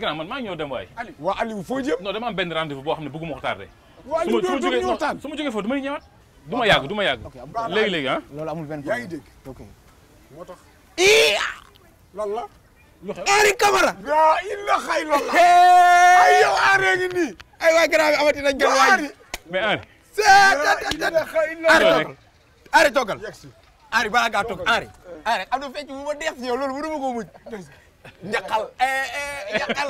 grand man maa ngi dem waay. waa Aliou foo jëm. non dama am benn rendez-vous boo xam ne bëgguma ko tardé. waaw Aliou doo doo ñëw tardé su ma jógee foofu damay ñëwaat. du ma yàgg du ma yàgg. léegi léegi ah. moo tax. lan la. la xay lool la. ay yow Henri ngi nii. ay waay grand bi amati nañ gën waay. mais Henri. seet Henri toogal Henri balaa ngaa toog Henri. na fecc bu ma deex si yow loolu mënu ma koo muñ. Njaxal Njaxal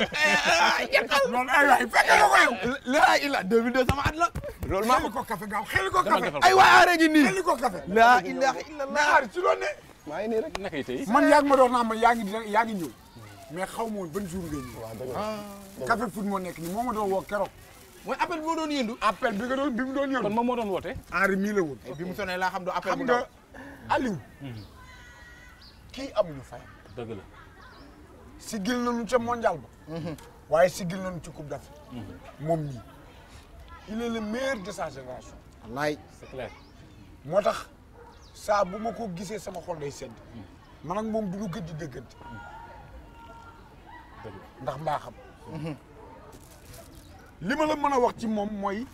Njaxal. loolu ay waay fekk na ko yow. laa ilaa deux mille sama at la. loolu maa xeli ko café gaaw xeli ko café. ay waay aare ngi nii xeli ko café. laa ilaaha illallah ci loolu ne. ngi nii rek naka yi tey. man yaa ngi ma doon naa man yaa ngi yaa ngi ñëw mais xaw ma woon ban jour nga ñëw. waaw dëgg ah, nekk nii moo ma doon woo keroog. mooy appel bi ma doon yëndu. appel bi nga doon bi mu doon yëndu. kon moom moo doon woote. Henri mii la woon. bi mu sonné laa xam do appel bu ndaw xam nga Aliou. Mhm. kii amuñu fay. dëgg sigil nañu ci mondial ba mhm. waye sigil nañu ci coupe d'Afrique mom mhm. ni il est le meilleur de sa génération wallaay c'est clair motax sa bu ko sama xol day sedd mhm. man ak mom duñu gëdd gëj di ndax ma xam lima la mëna wax ci moom mooy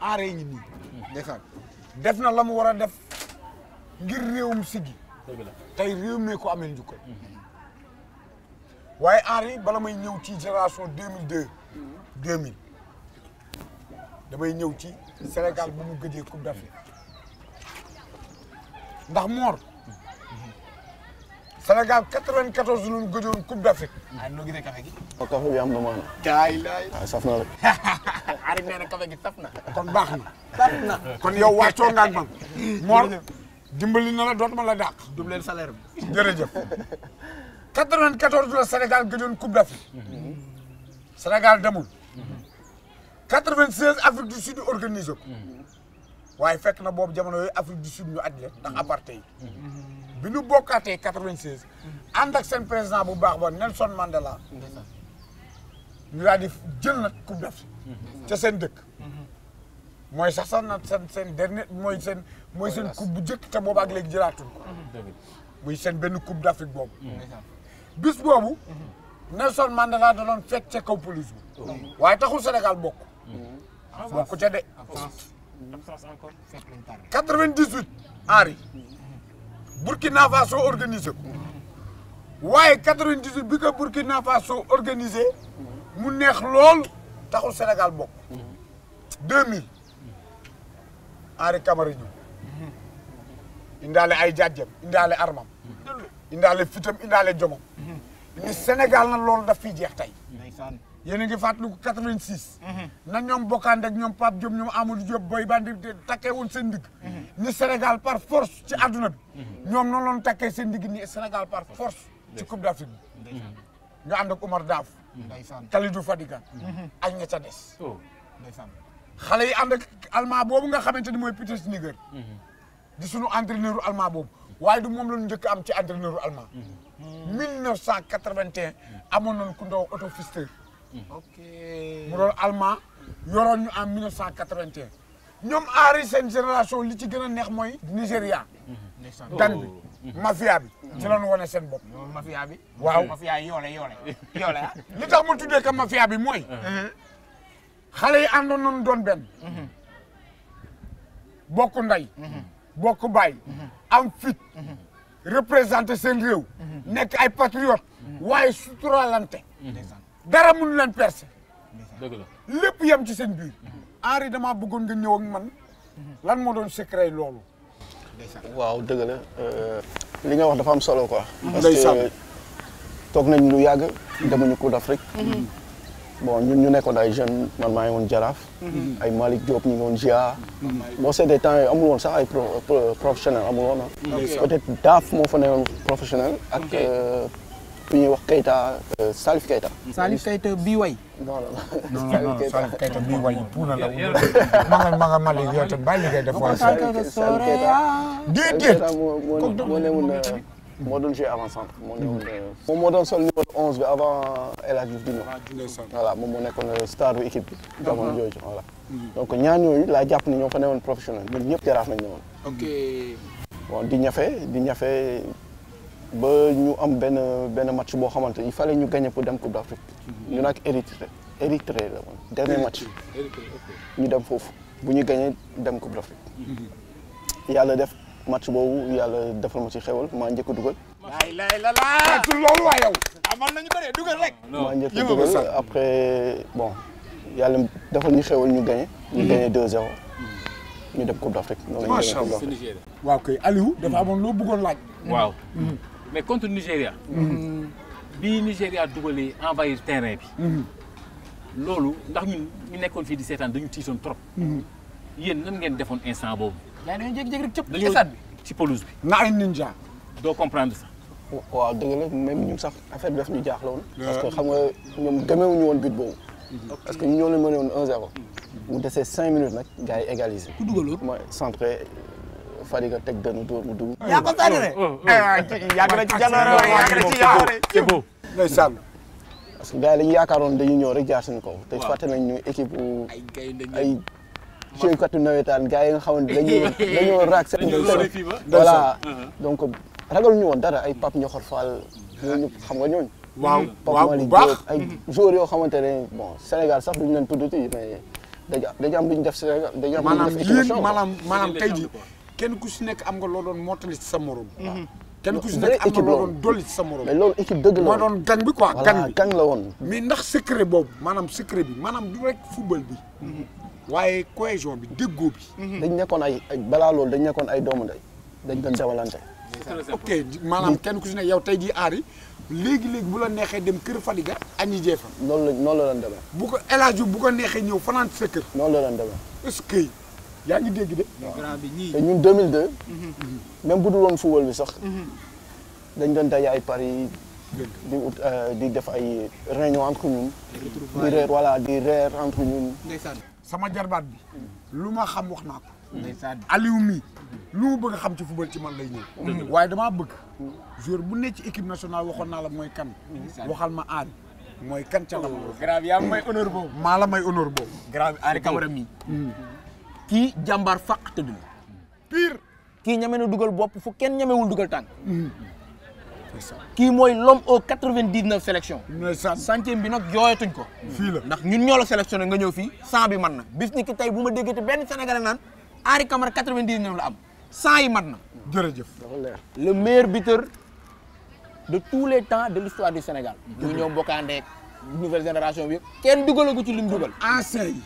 aaree ni defal def na lamu wara def ngir rewum sigi tey réew mee ko amel njukkal waaye Henri bala may ñëw ci génération deux damay ñëw ci Sénégal bu mu gëjee Coupe d'Afrique ndax Mor Sénégal 94 lu ñu gëjoon Coupe d'Afrique. ah noo gisee café gi. waaw café bi am na maanaam. kaay laay. Ah, rek. Henri nee na café gi saf kon baax na. kon yow wàccoo nga ak man. Mor dimbali na la dootuma la dàq. doublé salaire bi. jërëjëf. 94 le Sénégal gëjoon Coupe d'Afrique Sénégal demul 96 Afrique du Sud organisé ko waaye fekk na boobu jamono Afrique du Sud ñu admet dans ndax apartheid bi ñu bokkaatee 96 ànd ak président bu baax Nelson Mandela ñu daal di jël nag Coupe d'Afrique ca sen dëkk mooy sax sax na sen seen dernier mooy seen mooy seen coupe bu jëkk te boobu ak léegi jëlaatuñ ko muy benn Coupe d'Afrique boobu bis bobu Nelson Mandela da doon fekk ca kaw police bi waaye taxul Sénégal bokk bokk ci de 98 ari Burkina Faso organisé ko 98 quatre bi ko Burkina Faso organisé mu neex lool taxul Sénégal bokk 2000 ari Henri Camara ay jàjjem indaale armam indaale fitam indaale jomam ni Sénégal na loolu daf fiy jeex tey. yéen a ngi fàttaliku 86. Mhm. na ñoom Bokande ak ñoom Pape Diop ñoom Amadou Diop Boy Bandi takkee woon seen mhm. ni Sénégal par force ci mhm. àdduna bi. ñoom noonu takkee seen ni Sénégal par force ci Coupe d'Afrique bi. ñu ànd ak Umar Daaf. Kalidou Fadiga. ak ña ca des. Oh. xale yi ànd boobu nga xamante ni mooy Peter Sniger. di sunu entraîneur allemand boobu. waaye du moom lu njëkk am ci entraîneur allemand. 1981 mhm. amoon nañu ku ndaw Otto Pfister. Mhm. ok mu doon allemand yoroon ñu en 1981. ñoom aari seen génération li ci gën a neex mooy. Nigéria. Mhm. gan bi oh. mafia bi. ci la ñu wane seen bopp. mafia bi. waaw mafia yi yoole yoole yoole ah? li tax ma tuddee ka mafia bi mooy. Uh-huh. xale yi àndoon nañu doon benn. Uh-huh. bokk ndey. Uh-huh. bokk baay mhm. am fit mhm. représenté seen réew mhm. nekk ay patriote waaye suturaalante dara mënu leen percé lépp yem ci seen biir Henri dama bëggoon nga ñëw man lan moo doon secret loolu waaw dëgg la euh, li nga wax dafa am solo quoi toog nañ lu yàgg demuñu Coupe d'Afrique bon ñun ñu nekkoon ay jeunes man maa ngi woon Jaraaf. Mhm. ay Malick Diop ñu ngi woon GIA. boo seetee temps yii amul woon sax ay professionnel amul woon ah. peut être Daaf moo fa newoon professionnel. ak euh, ku ñuy wax Keita euh, Salif Keita. Salif Keita bii way. non non Salif Keita bii way puuna la wu. Manga Manga Mali yow te bàyyi li ngay def. Salif Keita Salif Keita. déedéet. moo moo newoon moo avant centre moo newoon au niveau 11 avant El Hadjouf. Diouf di euh, star uh-huh. mhm. donc ñaan un la ni un professionnel un avons nañ ok bon di di ba ñu am ben match il fallait ñu gagner pour Coupe d'Afrique dernier match Coupe d'Afrique mhm. le match boobu yalla defal ma ci xewal ma njëkk a dugal. laay la la laa tu ah, loolu waa yow. amal nañu bari dugal rek. ma njëkk a après bon yalla defal ñu xewal ñu gagné. ñu gagné 2-0. Mm. ñu dem Coupe d'Afrique. sha allah waaw kay Aliou. dafa amone lo bëggoon laaj. Mm. waaw mm. mais contre nigeria bi Nigéria dugalee envahir terrain bi. lolu ndax ñun ñu nekkoon fi di seetaan dañu tiitoon trop. yeen nan ngeen defoon instant boobu yaa ngi jékki-jékki rek cëpp. dañoo ci pelouse bi. na ay ninja. doo comprendre ça. waaw dëgg même ñun sax affaire bi daf ñu parce que xam nga ñoom gëmëwuñu won but boobu. parce que ñoo leen mënee woon 1-0. mu desee 5 minutes nak gaay égaliser égalisé. ku dugal loolu mooy centré Fadiga teg dënnu dóor mu dugg. ya ko sànni de. ya na ci jàllale yàgg na ci yàlla c'est beau. ngay sànn. parce que gars lañu dañu yaakaaroon dañuy ñëw rek jaar suñu ko waaw te fàtte nañ ñu équipe ay ci katu nawetaan gars yi nga xamante dañu dañoo raak seen voilà uh-huh. Uh-huh. donc ragal ñu woon dara ay Pape Ñoxor Fall ñooñu uh-huh. xam nga ñooñu waaw waaw bu ay joueurs yoo xamante ne bon Sénégal sax duñu leen tudd ci mais dañu dañu am luñu def Sénégal dañu am maanaam yéen maanaam maanaam tey si nekk am nga loo doon sa morom kenn ku si nekk am na loo doon dolli ci sa morom mais loolu équipe dëgg la moo doon gang bi quoi gang bi gang la woon mais ndax secret boobu maanaam secret bi maanaam du rek football bi waaye cohésion bi déggoo bi mhm. dañ nekkoon ay balaa loolu dañ nekkoon ay doomu ndey dañ doon dawalante ok maanaam mm. kenn ku si nekk yow tey jii aar yi léegi-léegi bu la neexee dem kër Fadiga añi jee fa noonu la noonu la lan demee bu ko El Hadj bu ko neexee ñëw fanaan sa kër noonu la lan demee est-ce que yaa ngi dégg de. te ñun 2002. Mm-hmm. même bu dul woon football bi sax. Mm-hmm. dañ doon daje ay paris di ut euh, di def ay réunion entre ñun. di reer voilà di reer entre ñun. sama jarbaat bi lu ma xam wax naa ko. Aliou mi lu mu bëgg xam ci football ci man lay ñëw. waaye damaa bëgg. joueur bu nekk ci équipe nationale waxoon naa la mooy kan. waxal ma aar. mooy kan ca la ma. Oh, yaa may honneur boobu. maa la may honneur boobu. grave aar Camara mi. Mm. ki jambar fàq tëdd la pire ki ñamenu na dugal bopp fu kenn ñamewul dugal tànk hmm. ki moy l'homme au 99 dix neuf sélection 100 bi nag jooyatuñ ko fi la ndax ñun ñoo la sélectionné nga ñew fi 100 bi man na bis ni ki tay buma ma déggati sénégalais nan ari Camara 99 la am 100 yi man na jërëjëf le meilleur buteur de tous les temps de l'histoire du Sénégal ñu ñoom bokandé nouvelle génération bi yëpp kenn ci lim dugal ancien yi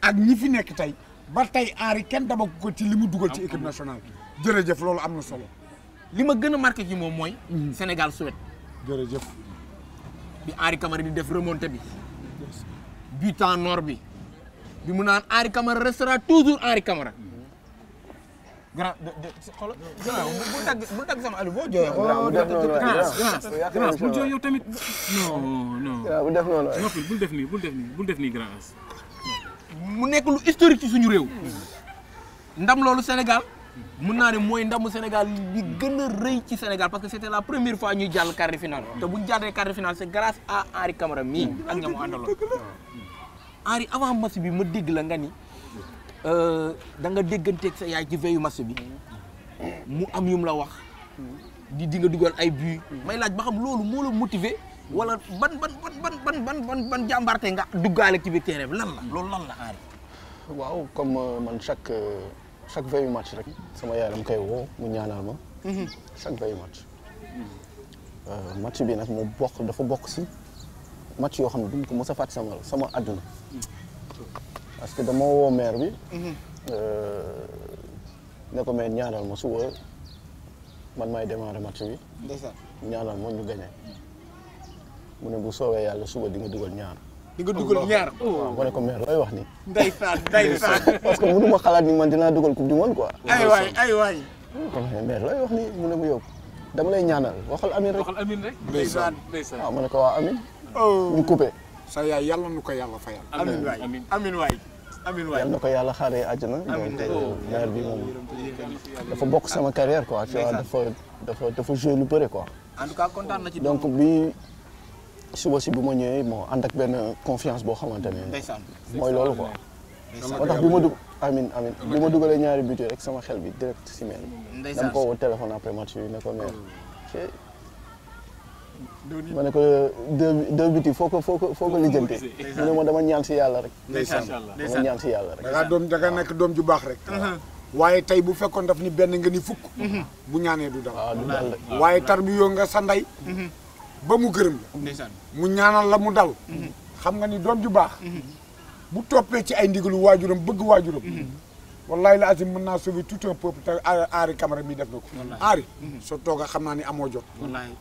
ak ñi fi nekk tay ba tey Henry kenn dama ko ci li mu dugal ci équipe nationale jërëjëf loolu am na solo li ma gën a marqué ci moom mooy mhm. Sénégal Suède jërëjëf bi Henry Camara di def remontée bi butan nord bi bi mu naan Henry Camara restera toujours Henry Camara grand xoolal bu dagg bu dagg sama Aliou boo jooyee. waaw oh, yow tamit. non non. bul def noonu bul def nii bul def nii bul def nii grand mu nek lu historique ci suñu rew ndam lolu Sénégal mën na né moy ndam Sénégal bi gëna reuy ci Sénégal parce que c'était la première fois ñuy jall quart de finale té buñu jallé quart de finale c'est grâce à Henri Camara mi ak ñamu andalo Henri avant match bi ma dégg la nga ni euh da nga déggante ak sa yaay ci veuyu match bi mu am yum la wax di di nga duggal ay but may laaj ba xam lolu mo la motiver wala ban ban ban ban ban ban ban jàmbarte nga duggaale ci bi terrain lan la lolu lan la Henri waaw comme euh, man chaque euh, chaque veille match rek sama yaay dama koy wo mu ñaanal ma. Mhm. chaque veille match. euh match bi nak mo bokk dafa bokk ci match yo xamne ne ko mos a sama sama àdduna. parce que dama wo maire bi. Mhm. euh ne ko mais ñaanal ma suwa man may démarrer match bi. ñaanal mo ñu gagné. mu ne bu soowé yalla suba di nga duggal ñaar. di nga ñaar. waaw ma ne ko mais looy wax ni ndeysaan ndeysaan. parce que mënu ma xalaat ni man dinaa dugal coupe du monde quoi. ay waay ay waay. kon mais looy wax ni mu ne mu yóbbu dama lay ñaanal waxal Amine rek. waxal Amine rek ndeysaan ndeysaan. waaw ma ne ko waa Amine. Oh. ñu coupé. sa yaay yàlla nu ko yàlla fayal. amiin waay amiin waay. yal na ko yàlla xaaree àjjana. amiin oh. maire bi moom dafa bokk sama carrière quoi. tu vois dafa dafa lu bëre quoi. en donc bi. suba si buma nyai mo andak ànd ak benn confiance boo xamante ne mooy loolu ko moo tax bi ma amin amin buma du dugalee ñaari but rek sama xel bi direct si mel dama ko woo téléphone après match bi ne ko mais oh. ma ne ko de de yi foko foko foko li foo ko mo dama ñaan si rek dama ñaan si yàlla rek da dom jaga nek dom ju bax rek uh-huh. waye tay bu fekkon daf ni ben nga ni fuk uh-huh. bu ñaanee du dal ah, waye tarbiyo nga sanday uh-huh. ba mu gërëm la mu ñaanal la mu dal mm-hmm. xam nga ni doom ju baax mm-hmm. bu toppee ci ay ndigalu waajuram bëgg waajuram mm-hmm. wallahi la azim mën naa sauver tout un peuple te aari camara mi def na ko aari soo tooga xam naa ni amoo jot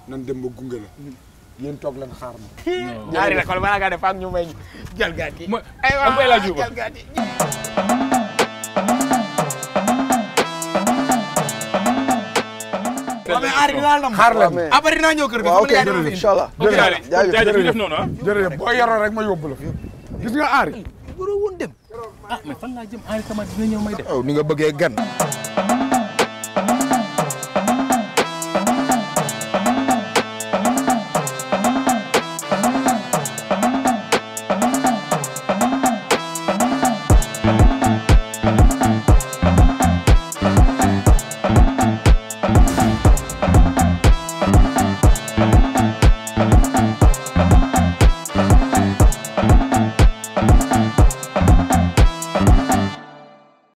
nan dem ba gunge la yéen toog leen xaar ma aari nag balaa ngaa def ak ñu may jalgaati ñaari laa lamb xaar leen après dinaa ñëw kër ga ok jërëjëf incha allah jërëjëf def noonu ah jërëjëf boo yoroo rek ma ah mais fan laa jëm aari tamit dina ñëw may def ni